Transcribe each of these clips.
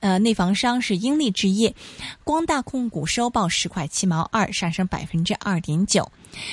呃，內房商是英利置業，光大控股收報十塊七毛二，上升百分之二點九。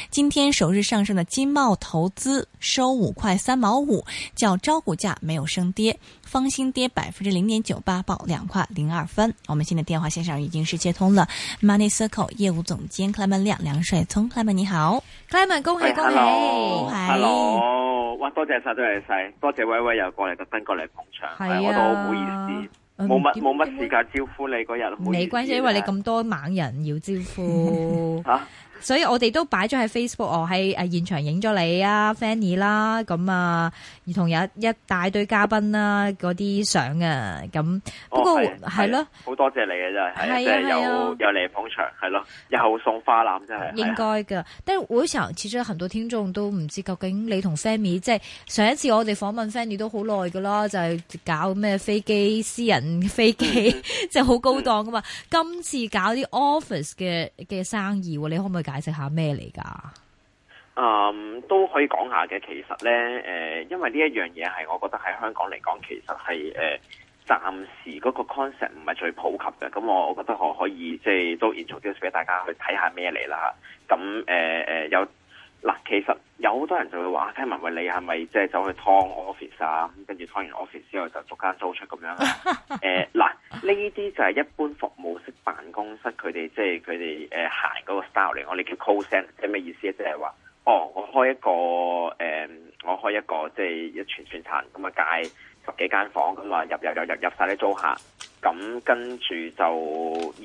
今天首日上升的金茂投資收五塊三毛五，較招股價沒有升跌。方興跌百分之零點九八，報兩塊零二分。我們現在電話線上已經是接通了，Money Circle 業務總監 Clayman 梁梁帥聰 Clayman 你好，Clayman 恭喜恭喜、hey, hello！Hello，哇，多謝晒多謝晒，多謝威威又過嚟特登過嚟捧場，我都好唔好意思。冇乜冇乜時間招呼你嗰日，冇關係，因為你咁多猛人要招呼。 所以我哋都擺咗喺 Facebook，我喺誒現場影咗你啊，Fanny 啦，咁啊，而同有一大堆嘉賓啦、啊，嗰啲相啊，咁、嗯哦、不過係咯，好多謝你啊真係，即係、就是、有有嚟捧場係咯，然後送花籃、嗯、真係應該噶，但會場始終有好多聽眾都唔知究竟你同 Fanny 即係上一次我哋訪問 Fanny 都好耐嘅啦，就係、是、搞咩飛機私人飛機，即係好高檔啊嘛、嗯。今次搞啲 office 嘅嘅生意，你可唔可以？解釋下咩嚟㗎？嗯，都可以講下嘅。其實咧，誒、呃，因為呢一樣嘢係我覺得喺香港嚟講，其實係誒暫時嗰個 concept 唔係最普及嘅。咁、嗯、我覺得我可以即係都 introduce 俾大家去睇下咩嚟啦。咁誒誒有。嗱，其實有好多人就會話，聽聞喂，你係咪即係走去劏 office 啊？咁跟住劏完 office 之後就逐間租出咁樣啊？嗱、 呃、呢、呃、啲就係一般服務式辦公室佢哋、佢哋即係佢哋誒行嗰個 style 嚟，我哋叫 call 高升，即係咩意思咧？即係話，哦，我開一個誒、呃，我開一個即係、即係、一串串殘咁啊，介十幾間房咁啊，入入入入入曬啲租客，咁跟住就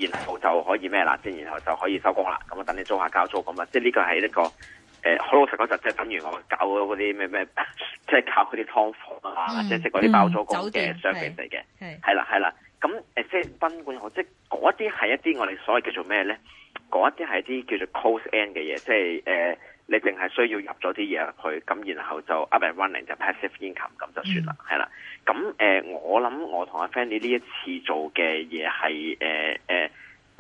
然後就可以咩啦？即然後就可以收工啦。咁啊，等你租客交租咁啊，即係呢個係一、呢個。好、呃、老實講就即、是、係等於我搞嗰嗰啲咩咩，即係、就是、靠佢啲劏房、嗯、啊，即係嗰啲包租公嘅生意嚟嘅，係啦係啦。咁即係賓館，就是、我即係嗰一啲係一啲我哋所謂叫做咩咧？嗰一啲係啲叫做 close end 嘅嘢，即係誒你淨係需要入咗啲嘢入去，咁然後就 up and running 就 passive income 咁就算啦，係、嗯、啦。咁、呃、我諗我同阿 Fanny 呢一次做嘅嘢係誒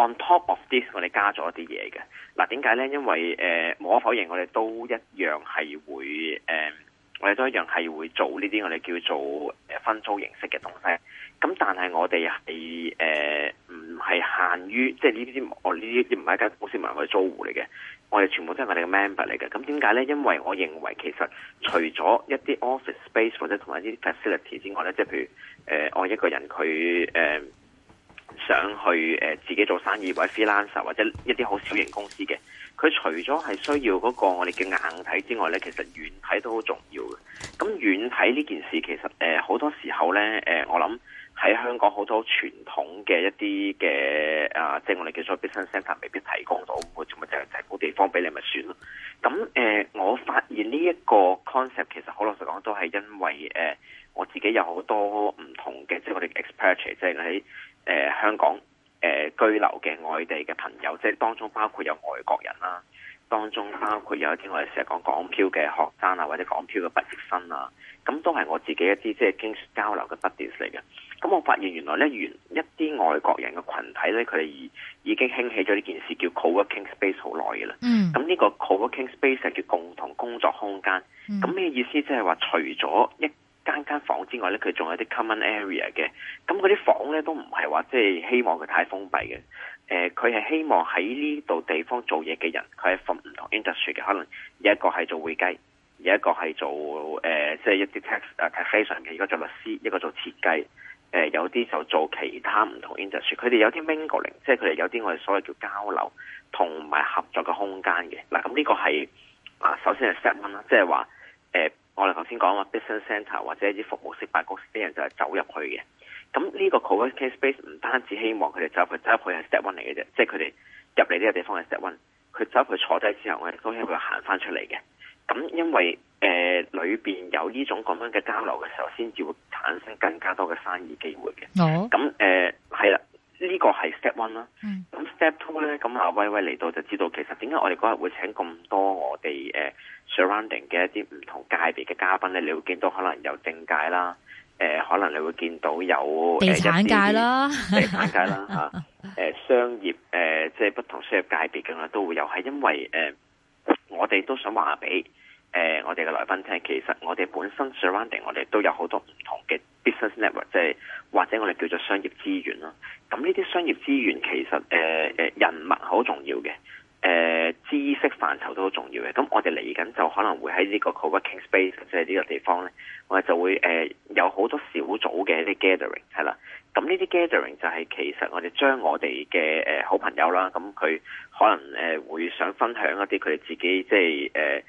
On top of this，我哋加咗一啲嘢嘅。嗱、啊，點解呢？因為誒、呃，無可否認，我哋都一樣係會誒、呃，我哋都一樣係會做呢啲我哋叫做誒分租形式嘅東西。咁、啊、但係我哋係誒唔係限於即係呢啲我呢啲唔係一間公司，唔係我哋租戶嚟嘅，我哋全部都係我哋嘅 member 嚟嘅。咁點解呢？因為我認為其實除咗一啲 office space 或者同埋啲 facility 之外呢，即係譬如誒，我、呃、一個人佢誒。呃想去誒、呃、自己做生意或者 freelancer 或者一啲好小型的公司嘅，佢除咗係需要嗰、那個我哋嘅硬體之外呢，其實體很軟體都好重要嘅。咁軟體呢件事其實誒好、呃、多時候呢，誒、呃，我諗喺香港好多傳統嘅一啲嘅啊，即、呃、係我哋叫做 business center 未必提供到，咁佢做咪就係提供地方俾你咪算咯。咁誒、呃，我發現呢一個 concept 其實好老實講都係因為誒、呃、我自己有好多唔同嘅，即係我哋 expertise 即係喺。誒、呃、香港誒、呃、居留嘅外地嘅朋友，即係當中包括有外國人啦、啊，當中包括有一啲我哋成日講港漂嘅學生啊，或者港漂嘅畢業生啊，咁都係我自己一啲即係經交流嘅 buddies 嚟嘅。咁我發現原來呢，原一啲外國人嘅群體呢，佢哋已已經興起咗呢件事叫 coworking space 好耐嘅啦。咁、嗯、呢、嗯、個 coworking space 係叫共同工作空間。嗯。咁咩意思？即係話除咗一間間房之外咧，佢仲有啲 common area 嘅。咁嗰啲房咧都唔係話即係希望佢太封閉嘅。誒、呃，佢係希望喺呢度地方做嘢嘅人，佢係分唔同 industry 嘅。可能有一個係做會計，有一個係做誒、呃，即係一啲 taxation 嘅。一個做律師，一個做設計。誒、呃，有啲就做其他唔同 industry。佢哋有啲 mingling，即係佢哋有啲我哋所謂叫交流同埋合作嘅空間嘅。嗱、呃，咁呢個係啊、呃，首先係 set up 啦，即係話誒。我哋頭先講話 Business Centre 或者啲服務式辦公室啲人就係走入去嘅，咁呢個 co-working space 唔單止希望佢哋走入去，走入去係 step one 嚟嘅啫，即係佢哋入嚟呢個地方係 step one，佢走入去坐低之後呢，都希望佢行翻出嚟嘅，咁因為誒裏、呃、面有呢種咁樣嘅交流嘅時候，先至會產生更加多嘅生意機會嘅，咁誒係啦。呃呢、這個係 step one 啦、嗯，咁 step two 咧，咁阿威威嚟到就知道其實點解我哋嗰日會請咁多我哋誒、uh, surrounding 嘅一啲唔同界別嘅嘉賓咧，你會見到可能有政界啦，誒、呃、可能你會見到有地產界啦，地產界啦嚇，誒、 啊、商業誒即係不同商業界別嘅啦都會有，係因為誒、呃、我哋都想話俾。誒、呃，我哋嘅來賓廳，其實我哋本身 surrounding 我哋都有好多唔同嘅 business network，即係或者我哋叫做商業資源咯。咁呢啲商業資源其實誒、呃、人脈好重要嘅，誒、呃、知識範疇都好重要嘅。咁我哋嚟緊就可能會喺呢個 co-working space，即係呢個地方咧，我哋就會誒、呃、有好多小組嘅一啲 gathering 係啦。咁呢啲 gathering 就係其實我哋將我哋嘅、呃、好朋友啦，咁佢可能誒、呃、會想分享一啲佢哋自己即係誒、呃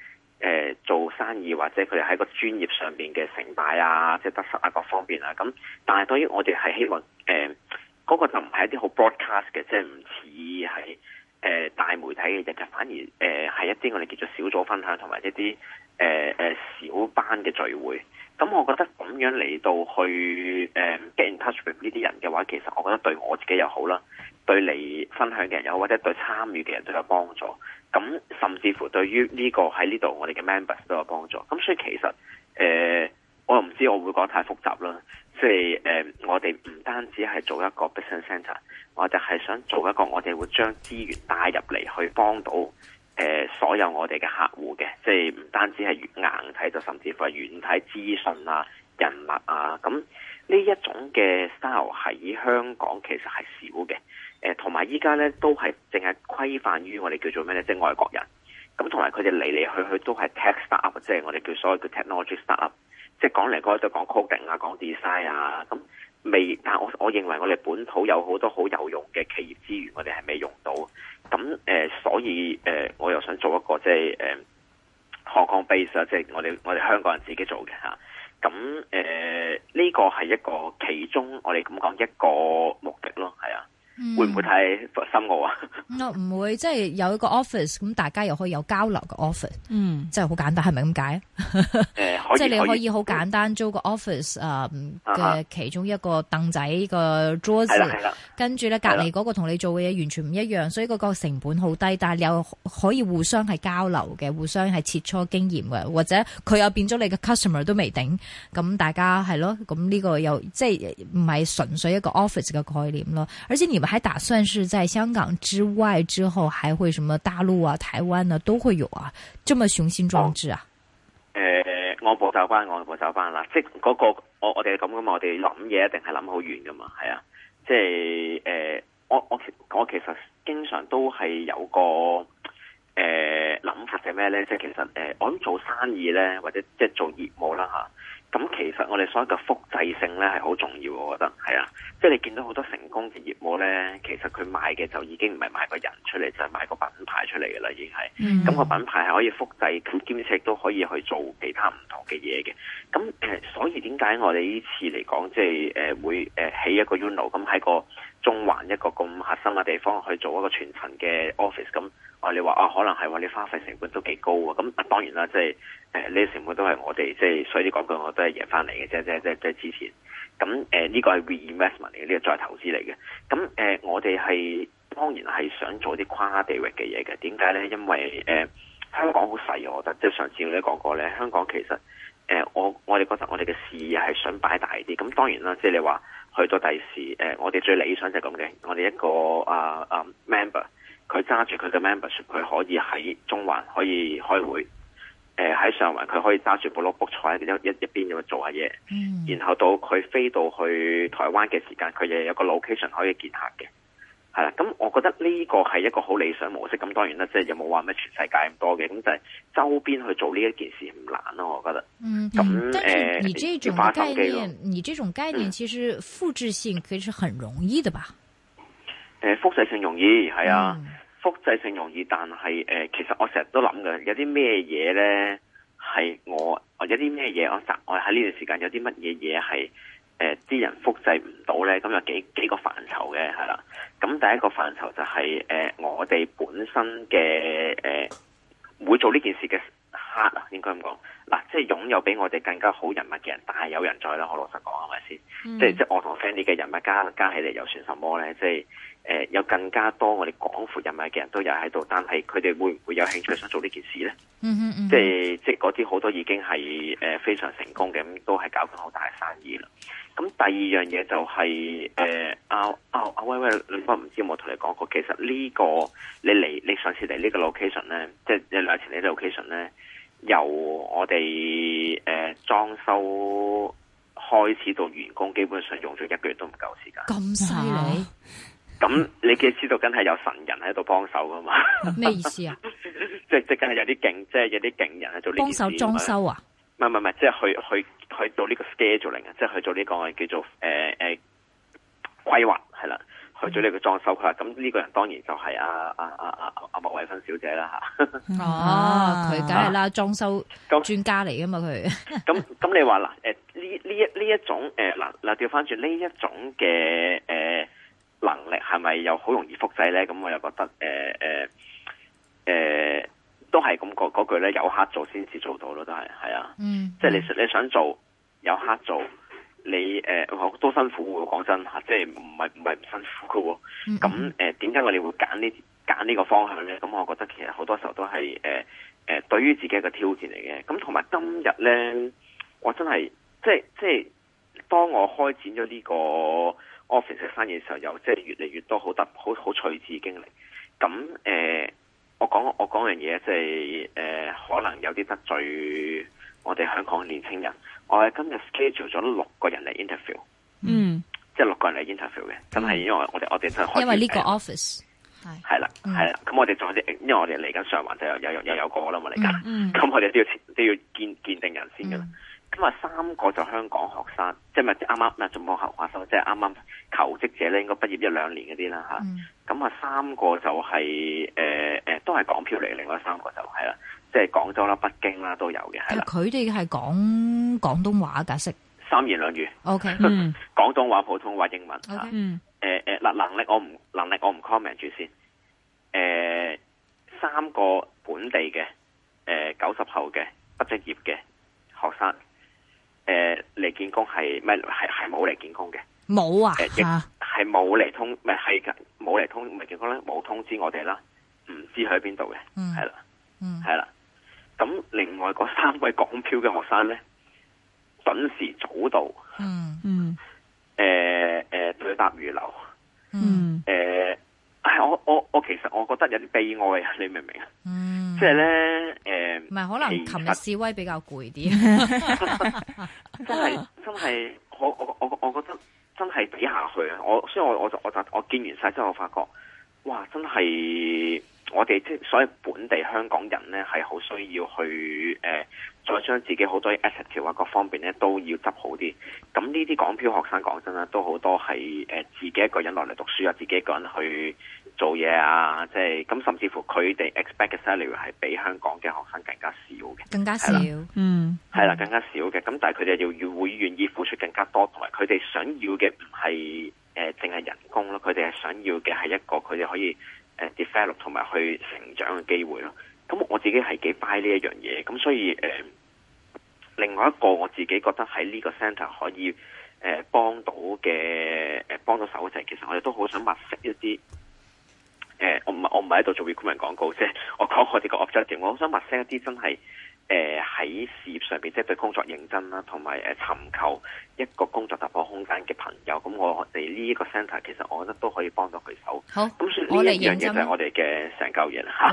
誒、呃、做生意或者佢哋喺個專業上邊嘅成敗啊，即係得失啊，各方面啊咁。但係對於我哋係希望誒嗰、呃嗰個就唔係一啲好 broadcast 嘅，即係唔似係誒大媒體嘅嘢，就反而誒係、呃、一啲我哋叫做小組分享同埋一啲誒誒小班嘅聚會。咁我覺得咁樣嚟到去誒、呃、get in touch with 呢啲人嘅話，其實我覺得對我自己又好啦。對你分享嘅人有，或者對參與嘅人都有幫助。咁甚至乎對於呢個喺呢度我哋嘅 members 都有幫助。咁所以其實，誒、呃，我又唔知我會講太複雜啦。即係誒，我哋唔單止係做一個 business center，我哋係想做一個我哋會將資源帶入嚟去幫到誒、呃、所有我哋嘅客戶嘅。即係唔單止係硬體，就甚至乎係軟體資訊啊、人物啊。咁呢一種嘅 style 喺香港其實係少嘅。誒同埋，依家咧都係淨係規範於我哋叫做咩咧，即係外國人咁。同埋佢哋嚟嚟去去都係 tech start up，即係我哋叫所謂嘅 technology start up，即係講嚟講去都講 coding 啊，講 design 啊。咁未，但我我認為我哋本土有好多好有用嘅企業資源，我哋係未用到咁誒、呃。所以誒、呃，我又想做一個即係誒 Hong Kong base 啊，即係我哋我哋香港人自己做嘅吓咁誒，呢個係一個其中我哋咁講一個目的咯，係啊。會唔會太深奧啊？唔、嗯、會，即、就、係、是、有一個 office，咁大家又可以有交流嘅 office，嗯，即係好簡單，係咪咁解？即、呃、係 你可以好簡單租個 office 誒嘅其中一個凳仔個桌子，啊、呢跟住咧隔籬嗰個同你做嘅嘢完全唔一樣，所以嗰個成本好低，但係你又可以互相係交流嘅，互相係切磋經驗嘅，或者佢又變咗你嘅 customer 都未定，咁大家係咯，咁呢個又即係唔係純粹一個 office 嘅概念咯，而且而。還打算是在香港之外之後，還會什麼大陸啊、台灣呢、啊，都會有啊，這麼雄心壯志啊！誒、哦呃，我保守班，我保守班啦，即係嗰、那個，我我哋咁噶嘛，我哋諗嘢一定係諗好遠噶嘛，係啊，即係誒、呃，我我我其實經常都係有個誒諗、呃、法嘅咩咧，即係其實誒、呃，我諗做生意咧，或者即係做業務啦吓，咁、啊、其實我哋所謂嘅複製性咧係好重要，我覺得係啊。即係你見到好多成功嘅業務咧，其實佢賣嘅就已經唔係賣個人出嚟，就係、是、賣個品牌出嚟嘅啦，已經係。咁、mm、個 -hmm. 品牌係可以複製，兼且都可以去做其他唔同嘅嘢嘅。咁所以點解我哋呢次嚟講，即係、呃、會起、呃、一個 Uno 咁喺個中環一個咁核心嘅地方去做一個全層嘅 office，咁你話、啊、可能係話、啊、你花費成本都幾高喎。咁、啊、當然啦，即係誒呢啲成本都係我哋即係，所以啲講句我都係贏翻嚟嘅啫，即係即係即係之前。咁誒呢個係 reinvestment 嚟嘅，呢、這個再投資嚟嘅。咁誒、呃，我哋係當然係想做啲跨地域嘅嘢嘅。點解咧？因為誒、呃、香港好細啊，我覺得，即、就、係、是、上次你講過咧，香港其實誒、呃、我我哋覺得我哋嘅事業係想擺大啲。咁當然啦，即、就、係、是、你話去到第時，誒、呃，我哋最理想就係咁嘅。我哋一個啊啊、呃呃、member，佢揸住佢嘅 membership，佢可以喺中環可以開會。誒、呃，喺上環佢可以揸住部碌卜彩喺一一,一邊咁樣做下嘢，嗯，然後到佢飛到去台灣嘅時間，佢亦有一個 location 可以見客嘅，係啦。咁、嗯、我覺得呢個係一個好理想模式。咁當然啦，即係有冇話咩全世界咁多嘅，咁就係周邊去做呢一件事唔難咯。我覺得。咁、嗯、誒。你、呃、呢，呢種概念，你呢種概念其實複製性可以是很容易的吧？誒、嗯，複、呃、製性容易，係啊。嗯複製性容易，但係誒、呃，其實我成日都諗嘅，有啲咩嘢咧係我，或者啲咩嘢我格外喺呢段時間有啲乜嘢嘢係誒啲人複製唔到咧？咁有幾幾個範疇嘅係啦。咁第一個範疇就係、是、誒、呃、我哋本身嘅誒、呃、會做呢件事嘅。黑啊，應該咁講嗱，即係擁有比我哋更加好人脈嘅人但大有人在啦。我老實講，係咪先？即係即係我同 friend 啲嘅人脈加加起嚟又算什麼咧？即係誒、呃、有更加多我哋廣闊人脈嘅人都有喺度，但係佢哋會唔會有興趣想做呢件事咧、嗯嗯？即係即係嗰啲好多已經係誒非常成功嘅咁，都係搞翻好大嘅生意啦。咁、嗯、第二樣嘢就係誒阿阿阿威威，你、呃啊啊、唔知有冇同你講過？其實呢、呢個你嚟你上次嚟呢個 location 咧，即係廿層呢個 location 咧。由我哋誒裝修開始到完工，基本上用咗一個月都唔夠時間。咁犀利？咁、嗯、你嘅，知道，梗係有神人喺度幫手噶嘛？咩意思啊？ 即係即係有啲勁，即係有啲勁、就是、人喺度做呢件事。幫手裝修啊？唔係唔係唔係，即係、就是、去去去、去、到、就是、去做呢、這個 scheduling，即係去做呢個叫做誒誒。呃呃規劃係啦，去咗呢個裝修佢啦，咁呢個人當然就係阿阿阿阿阿莫偉芬小姐啦吓。哦、啊，佢梗係啦，裝修專家嚟噶嘛佢。咁咁 你話嗱，誒呢呢一呢一種誒嗱嗱調翻轉呢一種嘅誒、呃、能力係咪又好容易複製咧？咁我又覺得誒誒誒都係咁講嗰句咧，有客做先至做到咯，都係係啊。嗯。即係你你想做有客做。你誒、呃、我多辛苦喎，講真吓，即係唔係唔係唔辛苦㗎喎、哦。咁誒點解我哋會揀呢揀呢個方向咧？咁我覺得其實好多時候都係誒、呃呃、對於自己一個挑戰嚟嘅。咁同埋今日咧，我真係即係即係當我開展咗呢個 office 生意嘅時候，又即係越嚟越多好得好好趣致經歷。咁誒、呃，我講我講樣嘢，即係誒可能有啲得罪。我哋香港嘅年輕人，我係今日 schedule 咗六個人嚟 interview，嗯，即係六個人嚟 interview 嘅，咁、嗯、係因為我哋我哋真係因為呢個 office 係係啦啦，咁我哋再即係因為我哋嚟緊上環就有有又有，有，有個啦嘛嚟緊，咁、嗯嗯、我哋都要都要見見定人先噶啦。咁、嗯、啊三個就香港學生，即係咪啱啱嗱仲冇行發生，即係啱啱求職者咧，應該畢業一兩年嗰啲啦嚇。咁、嗯、啊三個就係、是、誒、呃呃、都係港漂嚟，另外三個就係啦。是即係廣州啦、北京啦都有嘅，係佢哋係講廣東話解釋。三言兩語。O K。廣東話、普通話、英文。誒、okay, 誒、um, 呃，嗱能力我唔能力我唔 comment 住先。誒、呃，三個本地嘅，誒九十後嘅，不職業嘅學生。誒、呃、嚟見工係咩？係係冇嚟見工嘅。冇啊、呃亦係冇嚟通。啊。係冇嚟通，係係冇嚟通，見工咧，冇通知我哋啦，唔知去邊度嘅。係啦。嗯。係啦。嗯咁另外嗰三位港漂嘅學生咧，準時早到，嗯嗯，誒、呃、誒、呃，對答如流，嗯，誒、呃，係我我我其實我覺得有啲悲哀啊，你明唔明啊？嗯，即係咧，誒、呃，唔係可能琴日示威比較攰啲， 真係真係，我我我我覺得真係比下去啊！我所以我我就我就我見完晒之後，我發覺哇，真係。我哋即係所以本地香港人咧，係好需要去誒、呃，再將自己好多 asset 啊，各方面咧都要執好啲。咁呢啲港漂學生講真啦，都好多係誒、呃、自己一個人落嚟讀書啊，自己一個人去做嘢啊，即係咁，甚至乎佢哋 expect 嘅 salary 係比香港嘅學生更加少嘅，更加少，嗯，係啦，更加少嘅。咁、嗯、但係佢哋要會願意付出更加多，同埋佢哋想要嘅唔係誒淨係人工咯，佢哋係想要嘅係一個佢哋可以誒，develop 同埋去成長嘅機會咯。咁我自己係幾 buy 呢一樣嘢。咁所以誒、呃，另外一個我自己覺得喺呢個 center 可以誒幫、呃、到嘅誒幫到手嘅，就係，其實我哋都好想物色一啲。誒、呃，我唔係我唔係喺度做 recommend 廣告啫。我講我哋個 objective，我好想物色一啲真係。誒、呃，喺事業上邊，即係對工作認真啦，同埋誒，尋、呃、求一個工作突破空間嘅朋友，咁我哋呢一個 centre 其實我覺得都可以幫到佢手。好，我嚟認真。呢一樣嘢就係我哋嘅成教員吓，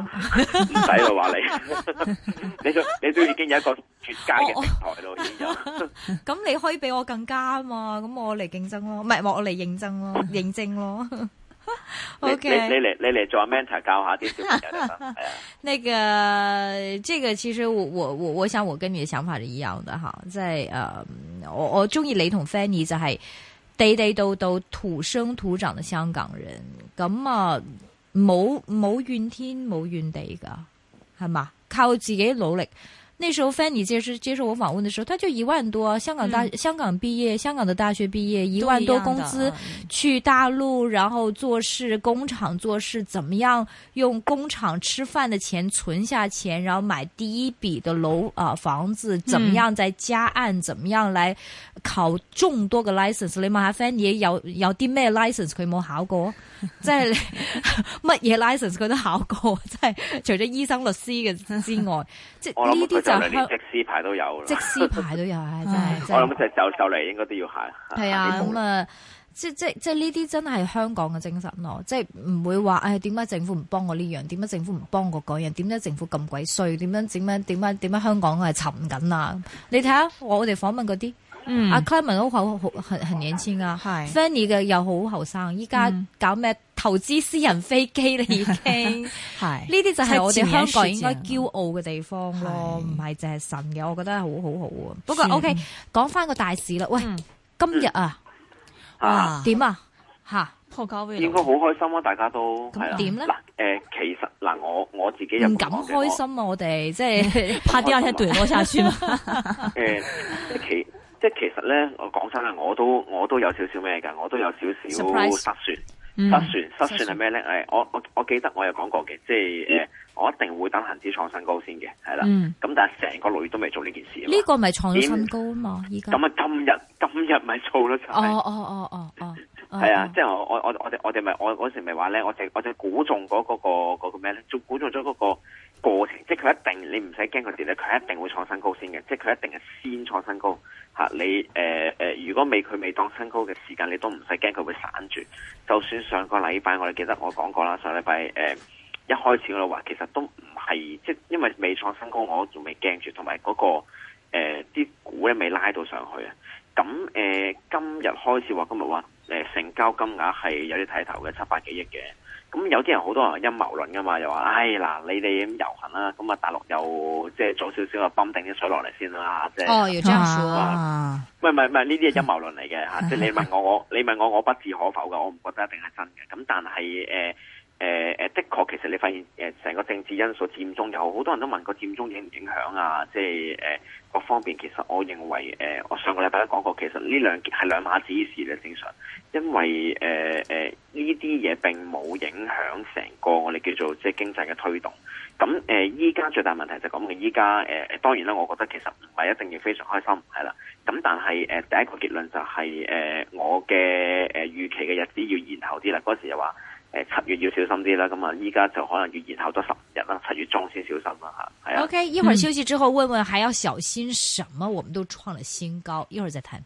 唔使我話你，你你都已經有一個絕佳嘅平台咯，已經有。咁你可以比我更加啊嘛，咁我嚟競爭咯，唔係，我嚟認證咯，認證咯。 OK， 你嚟、okay、你嚟做 mentor 教下啲小朋友係啊。 那個，這個其實我我我我想我跟你的想法是一樣的哈，即係誒，我我中意你同 Fanny 就係地地道道土生土長的香港人，咁啊冇冇怨天冇怨地噶，係嘛，靠自己努力。那時候 Fanny 接受接受我訪問的時候，他就一萬多，香港大、嗯、香港畢業，香港的大學畢業一萬多工資，去大陸、嗯、然後做事工廠做事，怎麼樣用工廠吃飯的錢存下錢，然後買第一筆的樓啊、呃、房子，怎麼樣在加按，怎麼樣來考眾多個 license、嗯、你問下 Fanny 有啲咩 license 可以冇考 過？即係乜嘢 license 佢都考過？即係除咗醫生律師嘅之外，即係呢啲連即師牌都有，即師牌都有啊！ 真係，我諗走走嚟應該都要行。係 啊，咁、嗯、啊，即即即呢啲真係香港嘅精神咯，即唔會話誒，點、哎、解政府唔幫我呢樣？點解政府唔幫我嗰樣？點解政府咁鬼衰？點樣點樣點解點解香港係沉緊啊？你睇下我哋訪問嗰啲。嗯，阿 Clement 都好好，很年、啊、很年輕啊。係 Fanny 嘅又好後生，依家搞咩投資私人飛機啦已經。係呢啲就係我哋香港應該驕傲嘅地方咯，唔係淨係神嘅，我覺得很很好好好啊。不過 OK，講翻個大事啦，喂，嗯、今日啊，啊點啊吓破交應該好開心啊，大家都係啦。點 咧？嗱、啊，誒、呃，其實嗱、啊，我我自己又唔敢開心啊，我哋、嗯、即係、啊、 拍啲阿七段我睇下先。誒 呃，即係其實咧，我講真啦，我都我都有少少咩嘅，我都有少少失算、嗯、失算、失算係咩咧？誒，我我我記得我有講過嘅，即係誒，我一定會等恒指創新高先嘅，係啦。咁、嗯、但係成個月都未做呢件事。呢、呢個咪創新高啊嘛！依家咁啊，今日今日咪做咯，就係。哦哦哦哦哦，係啊！即係我我我哋我哋咪我嗰時咪話咧，我哋我哋估中嗰嗰個嗰個咩咧？仲估中咗嗰個。嗰個嗰個過程即係佢一定，你唔使驚佢跌咧，佢一定會創新高先嘅。即係佢一定係先創新高、啊、你誒、呃、如果未佢未當新高嘅時間，你都唔使驚佢會散住。就算上個禮拜我哋記得我講過啦，上禮拜、呃、一開始我話其實都唔係，即係因為未創新高，我仲未驚住，同埋嗰個啲、呃、股咧未拉到上去啊。咁誒、呃、今日開始話今日話成交金額係有啲睇頭嘅，七百幾億嘅。咁有啲人好多人有陰謀論噶嘛，又話，哎嗱，你哋咁遊行啦，咁啊大陸又即係早少少、哦嗯、啊，泵定啲水落嚟先啦，即係哦，要這樣說啊，唔係唔係唔係呢啲係陰謀論嚟嘅吓，即係你問我我，你問我我不置可否嘅，我唔覺得一定係真嘅，咁但係誒。呃誒、呃、誒，的確，其實你發現誒，成個政治因素佔中，有好多人都問過佔中影唔影響啊？即係誒，各、呃、方面其實，我認為誒、呃，我上個禮拜都講過，其實呢兩係兩碼子事咧，正常。因為誒誒，呢啲嘢並冇影響成個我哋叫做即係經濟嘅推動。咁誒，依、呃、家最大問題就係咁嘅。依家誒，當然啦，我覺得其實唔係一定要非常開心，係啦。咁但係誒、呃，第一個結論就係、是、誒、呃，我嘅誒、呃、預期嘅日子要延後啲啦。嗰時又話。誒、呃，七月要小心啲啦，咁啊，依家就可能要延後多十日啦，七月中先小心啦吓，係啊。O、okay, K，一會兒休息之後問問還要小心什麼？嗯、我們都創了新高，一會兒再談。